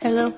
Hello.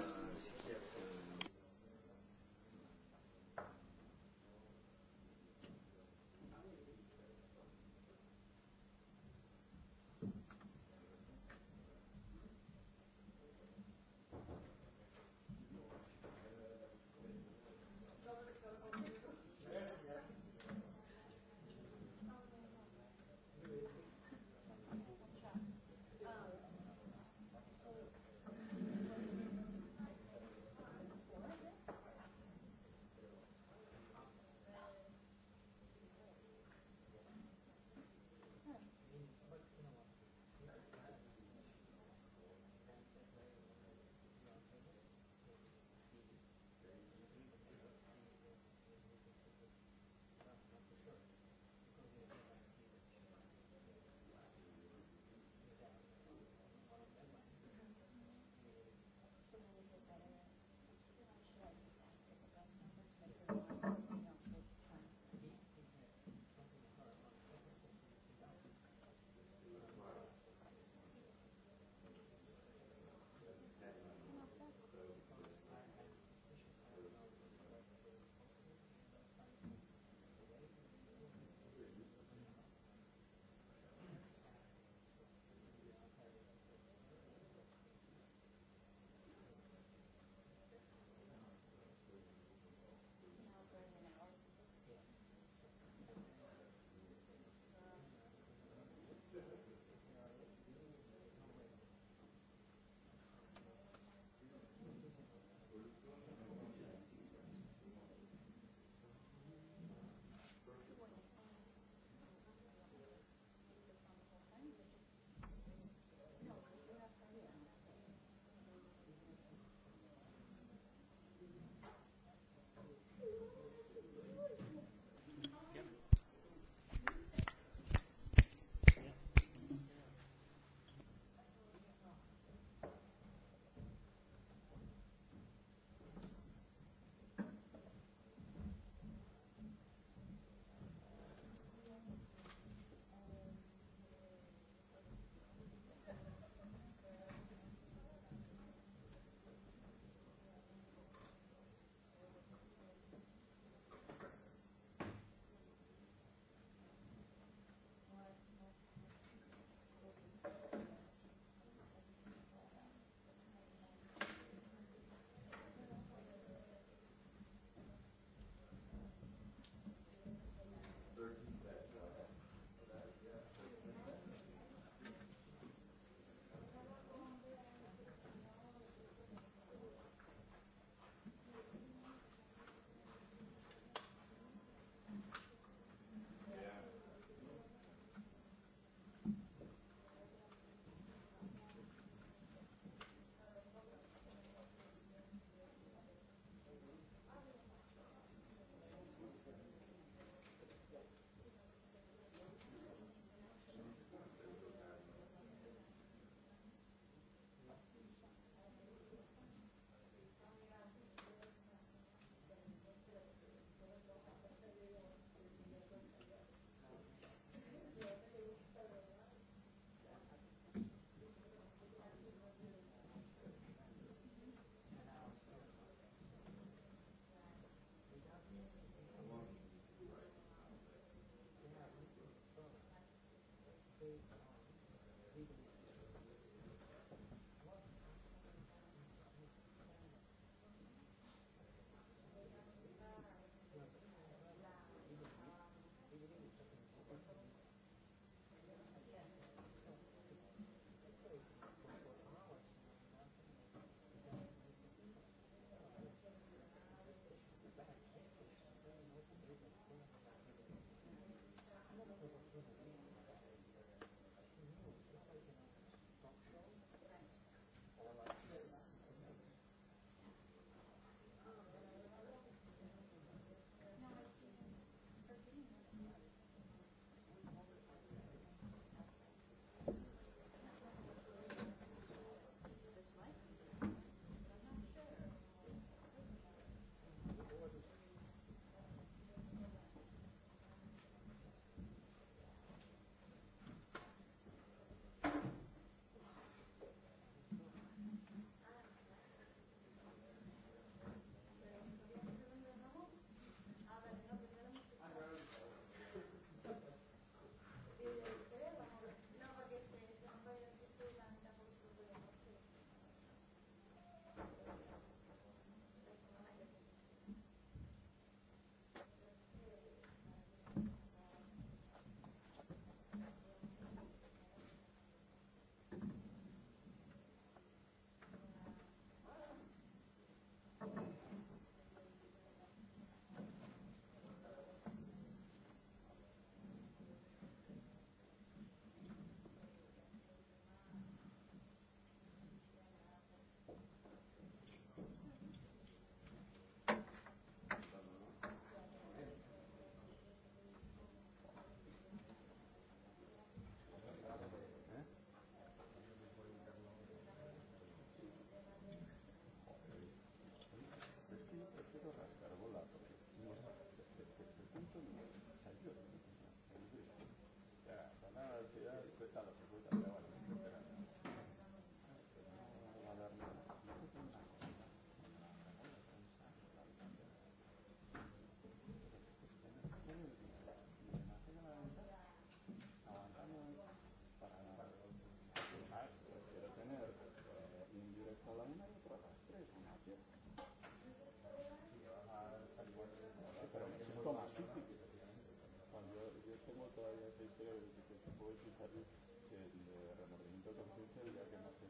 puedo explicarles el removimiento consciente del día que nace.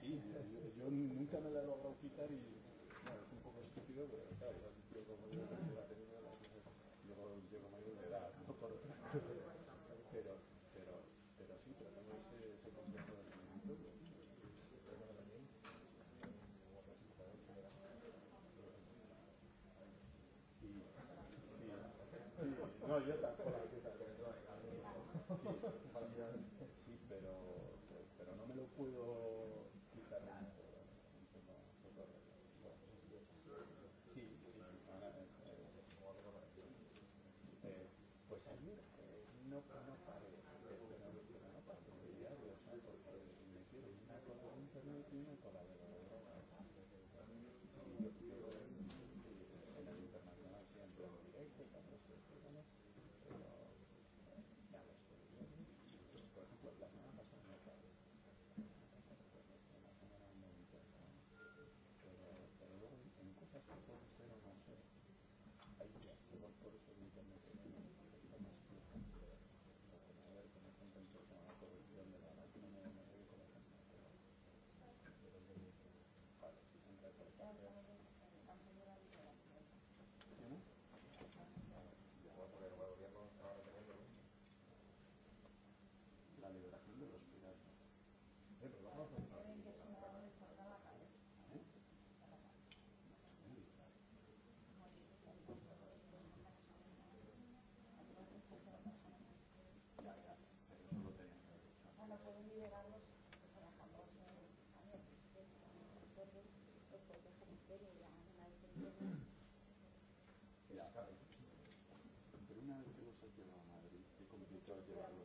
Sí, yo, yo nunca me la he logrado quitar y bueno, es un poco estúpido, pero claro, yo como yo salir, eh, no, no pare, pero no, no pare, porque ya lo sabe, porque me quiero una con internet y una con la verdad. che non ha, i commissari che vanno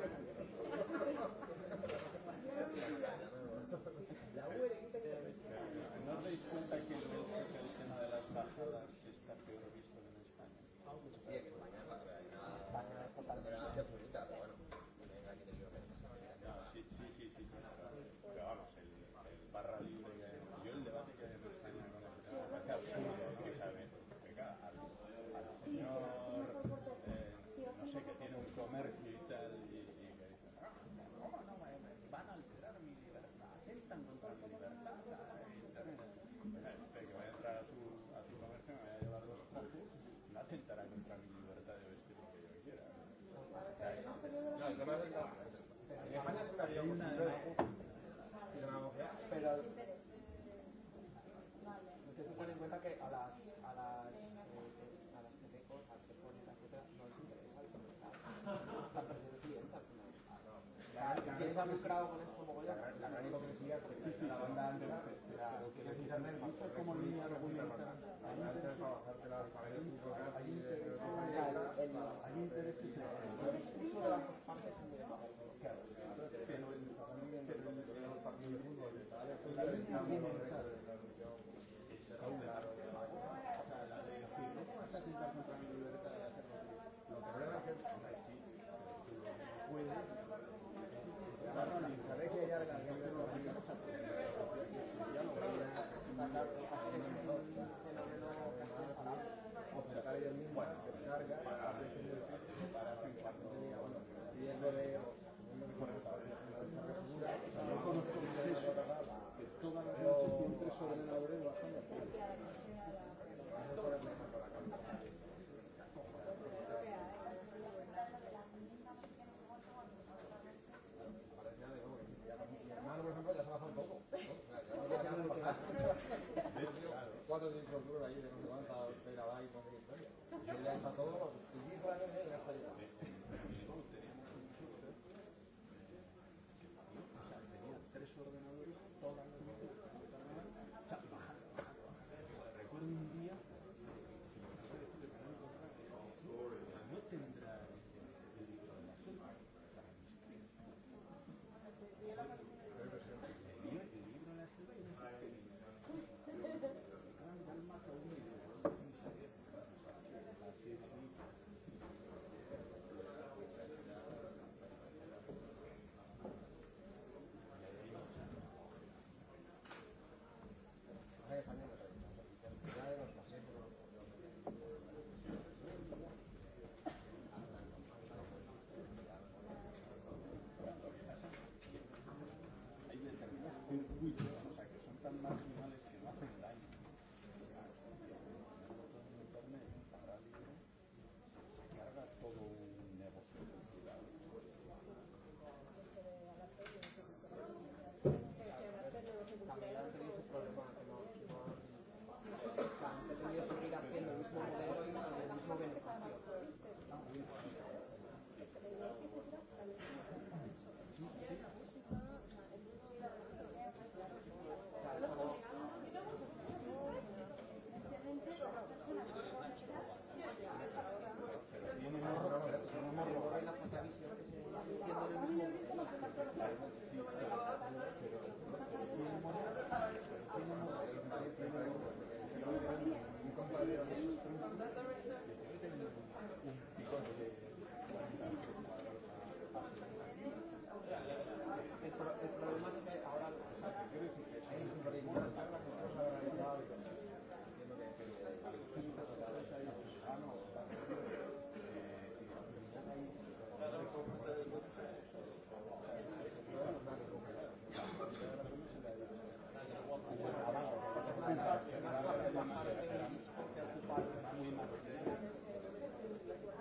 David Crow con esto mogollón. La gran hipocresía es que la banda antes que precisamente mucho es como el niño de William Antes trabajarte la hay intereses en el discurso de las partes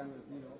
dan el tiro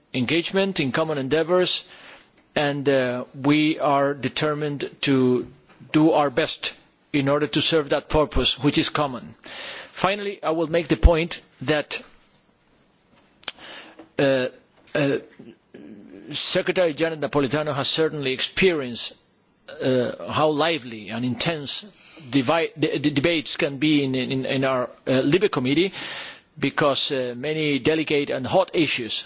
engagement, in common endeavours, and uh, we are determined to do our best in order to serve that purpose, which is common. Finally, I will make the point that uh, uh, Secretary Janet Napolitano has certainly experienced uh, how lively and intense divide, d d debates can be in, in, in our uh, Libre Committee because uh, many delicate and hot issues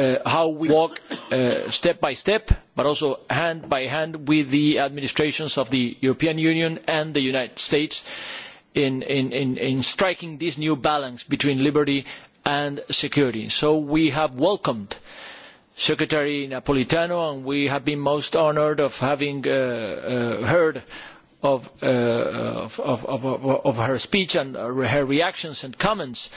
uh, how we walk uh, step by step, but also hand by hand with the administrations of the European Union and the United States in, in, in, in striking this new balance between liberty and security. So we have welcomed Secretary Napolitano, and we have been most honored of having uh, uh, heard of, uh, of, of, of, of her speech and her reactions and comments uh,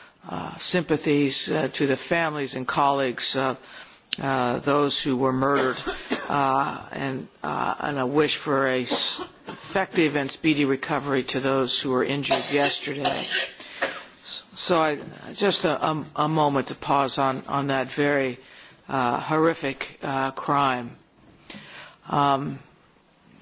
uh, sympathies uh, to the families and colleagues of uh, uh, those who were murdered uh, and, uh, and a wish for a s- effective and speedy recovery to those who were injured yesterday. So I, just a, a, um, a moment to pause on, on that very uh, horrific uh, crime. Um,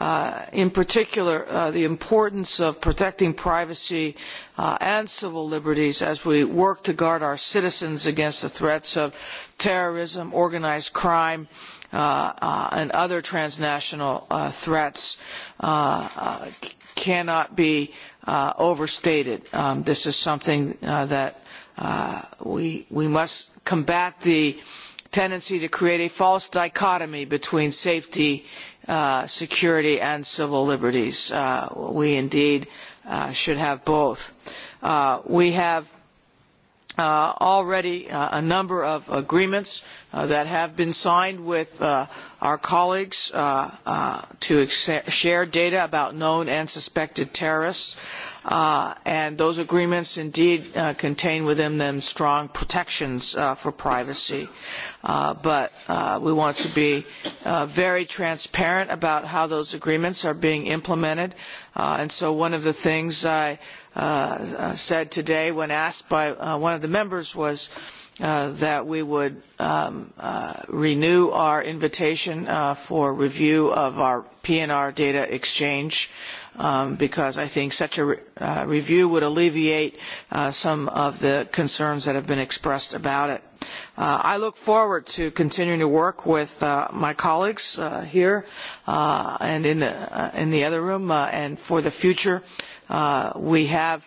uh, in particular uh, the importance of protecting privacy uh, and civil liberties as we work to guard our citizens against the threats of terrorism, organized crime, uh, uh, and other transnational uh, threats uh, uh, cannot be uh, overstated. Um, this is something uh, that uh, we, we must combat the tendency to create a false dichotomy between safety uh, uh, security and civil liberties. Uh, we indeed uh, should have both. Uh, we have uh, already uh, a number of agreements uh, uh, that have been signed with uh, our colleagues uh, uh, to share data about known and suspected terrorists. Uh, and those agreements indeed uh, contain within them strong protections uh, for privacy. Uh, but uh, we want to be uh, very transparent about how those agreements are being implemented. Uh, and so one of the things I uh, said today when asked by uh, one of the members was, uh, uh, that we would um, uh, renew our invitation uh, for review of our PNR data exchange um, because I think such a re uh, review would alleviate uh, some of the concerns that have been expressed about it. Uh, I look forward to continuing to work with uh, my colleagues uh, here uh, and in the, uh, in the other room uh, and for the future. Uh, we have uh,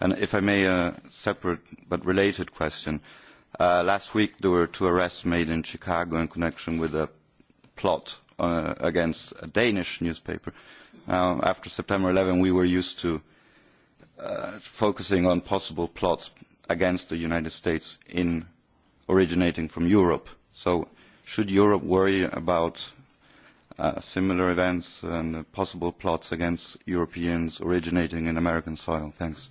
And if I may, a separate but related question. Uh, last week there were two arrests made in Chicago in connection with a plot uh, against a Danish newspaper. Now, after September 11, we were used to uh, focusing on possible plots against the United States in originating from Europe. So should Europe worry about uh, similar events and possible plots against Europeans originating in American soil? Thanks.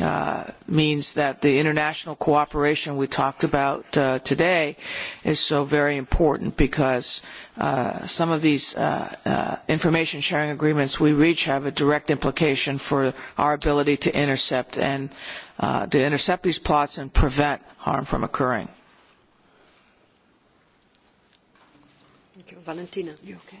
uh, means that the international cooperation we talked about uh, today is so very important because uh, some of these uh, uh, information sharing agreements we reach have a direct implication for our ability to intercept and uh, to intercept these plots and prevent harm from occurring. Thank you. Valentina, you okay?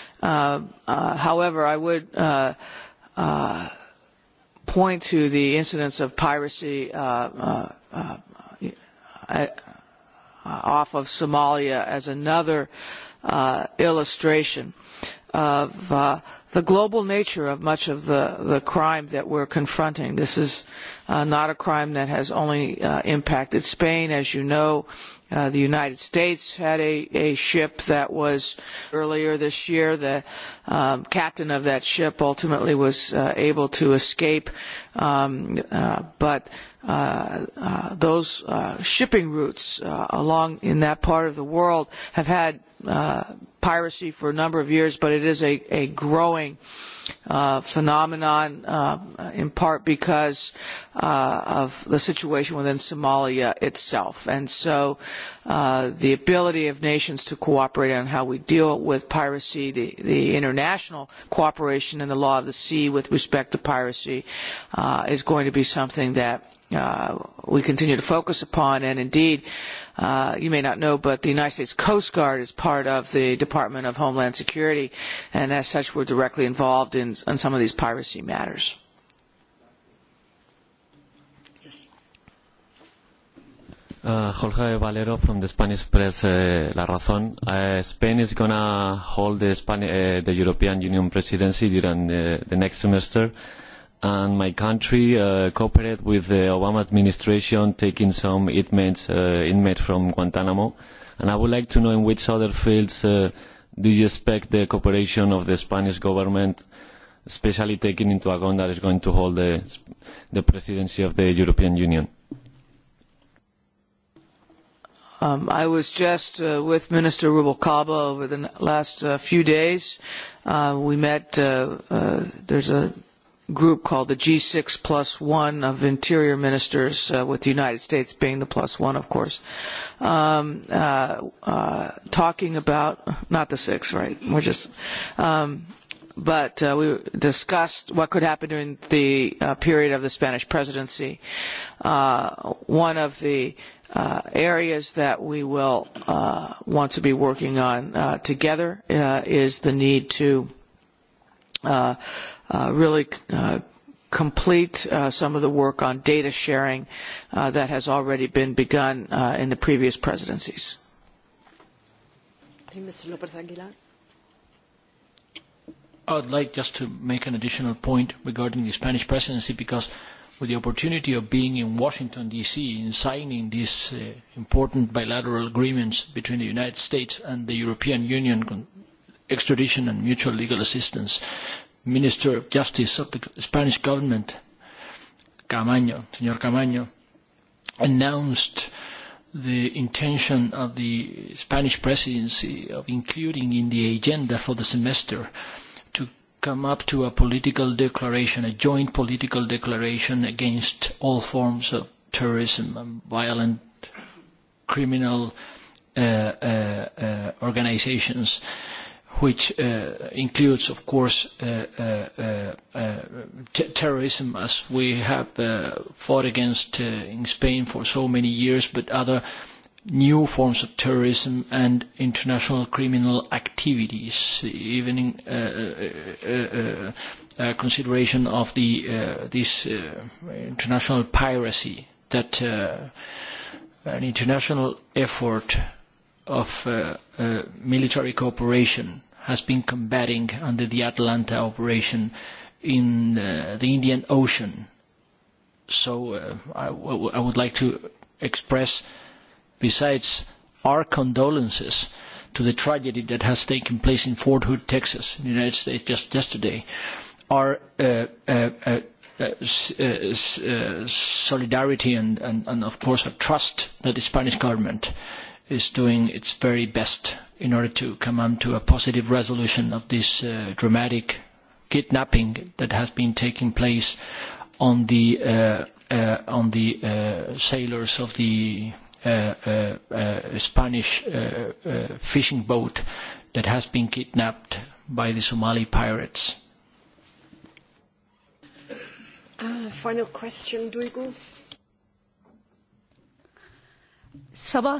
Uh, uh, however, I would uh, uh, point to the incidence of piracy uh, uh, uh, uh, off of Somalia as another uh, illustration of uh, the global nature of much of the, the crime that we're confronting. This is uh, not a crime that has only uh, impacted Spain. As you know, uh, the United States had a, a ship that was earlier this year. The um, captain of that ship ultimately was uh, able to escape. Um, uh, but uh, uh, uh, those uh, shipping routes uh, along in that part of the world have had uh, piracy for a number of years, but it is a, a growing uh, phenomenon, uh, in part because uh, of the situation within Somalia itself. And so uh, the ability of nations to cooperate on how we deal with piracy, the, the international cooperation in the law of the sea with respect to piracy uh, is going to be something that uh, we continue to focus upon. And indeed, uh, you may not know, but the United States Coast Guard is part of the Department of Homeland Security, and as such, we're directly involved in, in some of these piracy matters. Uh, Jorge Valero from the Spanish press, uh, La Razón. Uh, Spain is going to hold the, Spani- uh, the European Union presidency during the, the next semester. And my country uh, cooperated with the Obama administration taking some inmates, uh, inmates from Guantanamo. And I would like to know in which other fields uh, do you expect the cooperation of the Spanish government, especially taking into account that it's going to hold the, the presidency of the European Union? Um, I was just uh, with Minister Rubalcaba over the last uh, few days. Uh, we met, uh, uh, there's a group called the G6 plus one of interior ministers, uh, with the United States being the plus one, of course, um, uh, uh, talking about, not the six, right? We're just, um, but uh, we discussed what could happen during the uh, period of the Spanish presidency. Uh, one of the uh, areas that we will uh, want to be working on uh, together uh, is the need to uh, uh, really uh, complete uh, some of the work on data sharing uh, that has already been begun uh, in the previous presidencies. Thank you, Mr. López Aguilar. I would like just to make an additional point regarding the Spanish presidency because with the opportunity of being in Washington, D.C., in signing these uh, important bilateral agreements between the United States and the European Union, extradition and mutual legal assistance, Minister of Justice of the Spanish government, Camaño, Señor Camaño, announced the intention of the Spanish presidency of including in the agenda for the semester uh, come up to a political declaration, a joint political declaration against all forms of terrorism and um, violent criminal uh, uh, uh, organizations, which uh, includes, of course, uh, uh, uh, uh t terrorism as we have uh, fought against uh, in Spain for so many years, but other uh, new forms of terrorism and international criminal activities, even in uh, uh, uh, uh, consideration of the uh, this uh, international piracy that uh, an international effort of uh, uh, military cooperation has been combating under the Atlanta operation in uh, the Indian Ocean. So uh, I, w I would like to express uh, besides our condolences to the tragedy that has taken place in Fort Hood, Texas, in the United States just yesterday, our uh, uh, uh, uh, uh, uh, solidarity and, and, and, of course, our trust that the Spanish government is doing its very best in order to come on to a positive resolution of this uh, dramatic kidnapping that has been taking place on the uh, uh, on the uh, sailors of the uh, uh, uh, Spanish uh, uh, fishing boat that has been kidnapped by the Somali pirates. Uh, final question, Duygu. Sabah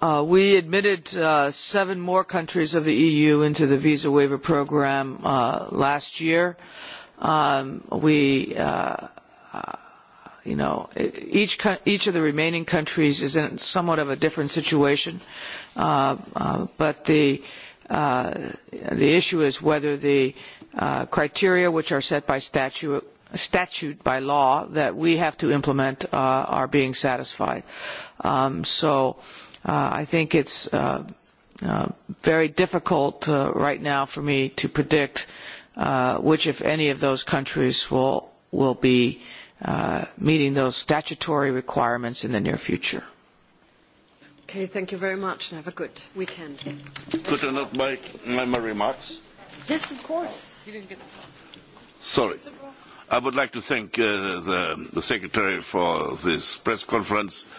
Uh, we admitted uh, seven more countries of the EU into the visa waiver program uh, last year. Um, we, uh, uh, you know, e, each each of the remaining countries is in somewhat of a different situation, uh, uh, but the uh, the issue is whether the uh, criteria which are set by statute statute by law that we have to implement uh, are being satisfied. Um, so. Uh, Uh, I think it's uh, uh, very difficult uh, right now for me to predict uh, which, if any, of those countries will will be uh, meeting those statutory requirements in the near future. Okay, thank you very much, and have a good weekend. Could I not make my, my remarks? Yes, of course. You didn't get Sorry. I would like to thank uh, the, the Secretary for this press conference. Uh,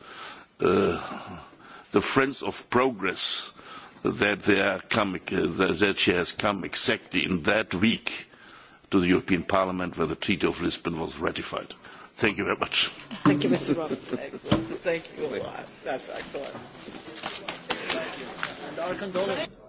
uh, the friends of progress that they are coming, uh, that she has come exactly in that week to the European Parliament where the Treaty of Lisbon was ratified. Thank you very much. Thank you, Mr. Roth. Thank you a lot. That's excellent. Thank you. And our condolences.